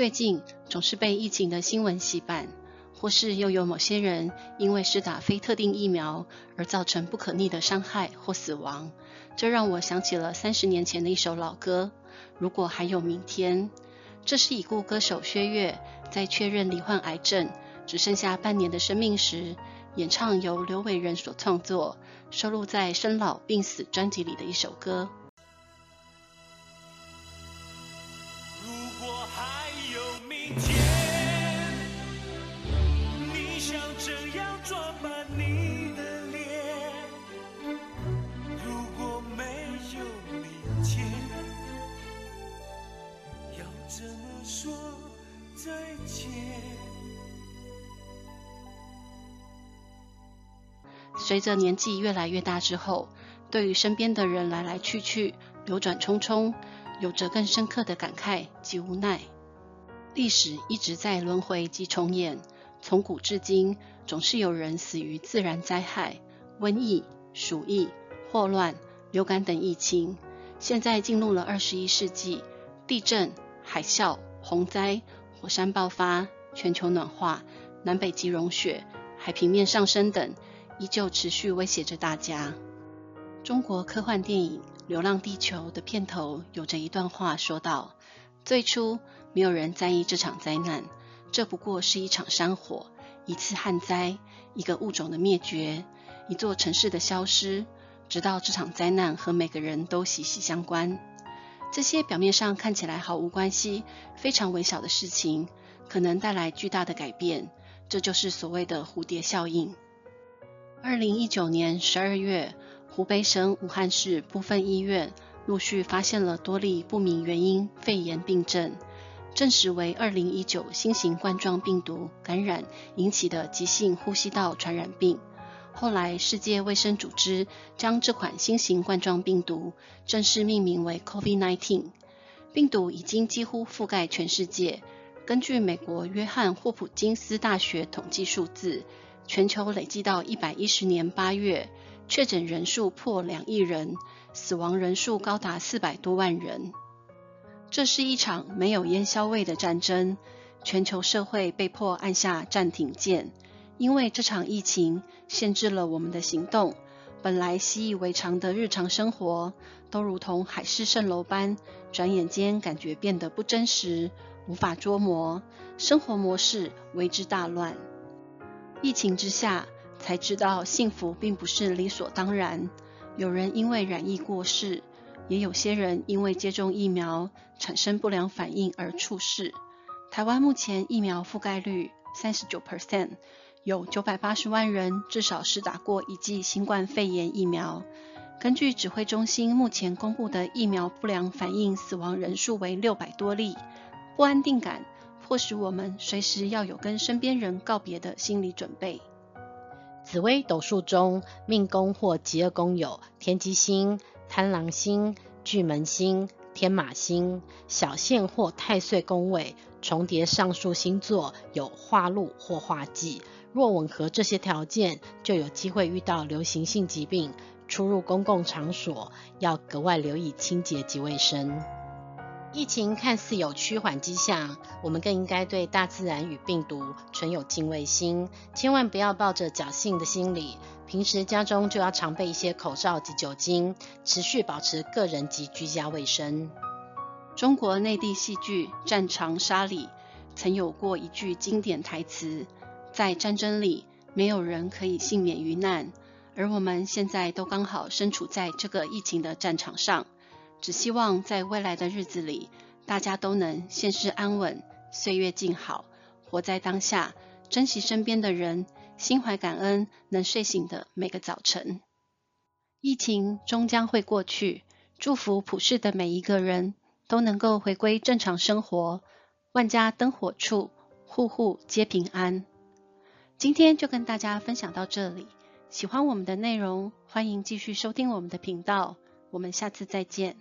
最近總是被疫情的新聞洗版，或是又有某些人因為施打非特定疫苗而造成不可逆的傷害或死亡，這讓我想起了三十年前的一首老歌《如果還有明天》。這是已故歌手薛岳在確認罹患癌症，只剩下半年的生命時，演唱由劉偉仁所創作，收錄在《生老病死》專輯裡的一首歌。說再見。隨着年紀越來越大之後，對於身邊的人來來去去、流轉匆匆，有着更深刻的感慨及無奈。歷史一直在輪回及重演，從古至今，總是有人死於自然災害、瘟疫、鼠疫、霍亂、流感等疫情。現在進入了二十一世紀，地震、海嘯。洪災、火山爆發、全球暖化、南北極融雪、海平面上升等，依舊持續威脅着大家。中國科幻電影《流浪地球》的片頭有着一段話說道：“最初沒有人在意這場災難，這不過是一場山火、一次旱災、一個物種的滅絕、一座城市的消失，直到這場災難和每個人都息息相關。”這些表面上看起來毫無關係、非常微小的事情，可能帶來巨大的改變，這就是所謂的蝴蝶效應。二零一九年十二月，湖北省武漢市部分醫院陸續發現了多例不明原因肺炎病症，證實為二零一九新型冠狀病毒感染引起的急性呼吸道傳染病。後來，世界衛生組織將這款新型冠狀病毒正式命名為 COVID-19。病毒已經幾乎覆蓋全世界。根據美國約翰霍普金斯大學統計數字，全球累計到一百一十年八月，確診人數破兩億人，死亡人數高達四百多萬人。這是一場沒有煙硝味的戰爭，全球社會被迫按下暫停鍵。因為這場疫情限制了我們的行動，本來習以為常的日常生活都如同海市蜃樓般，轉眼間感覺變得不真實，無法捉摸，生活模式為之大亂。疫情之下，才知道幸福並不是理所當然。有人因為染疫過世，也有些人因為接種疫苗產生不良反應而猝逝。台灣目前疫苗覆蓋率百分之三十九。有九百八十萬人至少是打過一劑新冠肺炎疫苗。根據指揮中心目前公布的疫苗不良反應死亡人數為六百多例，不安定感迫使我們隨時要有跟身邊人告別的心理準備。紫微斗數中，命宮或疾厄宮有天機星、貪狼星、巨門星、天馬星、小限或太歲宮位重疊上述星座有化祿或化忌。若吻合這些條件，就有機會遇到流行性疾病。出入公共場所要格外留意清潔及衛生。疫情看似有趨緩跡象，我們更應該對大自然與病毒存有敬畏心，千萬不要抱着僥倖的心理。平時家中就要常備一些口罩及酒精，持續保持個人及居家衛生。中國內地戲劇《戰長沙》裡曾有過一句經典台詞。在戰爭裡，沒有人可以幸免於難，而我們現在都剛好身處在這個疫情的戰場上，只希望在未來的日子裡，大家都能現世安穩，歲月靜好，活在當下，珍惜身邊的人，心懷感恩，能睡醒的每個早晨。疫情終將會過去，祝福普世的每一個人都能夠回歸正常生活，萬家燈火處，戶戶皆平安。今天就跟大家分享到這裡。喜歡我們的內容，歡迎繼續收聽我們的頻道。我們下次再見。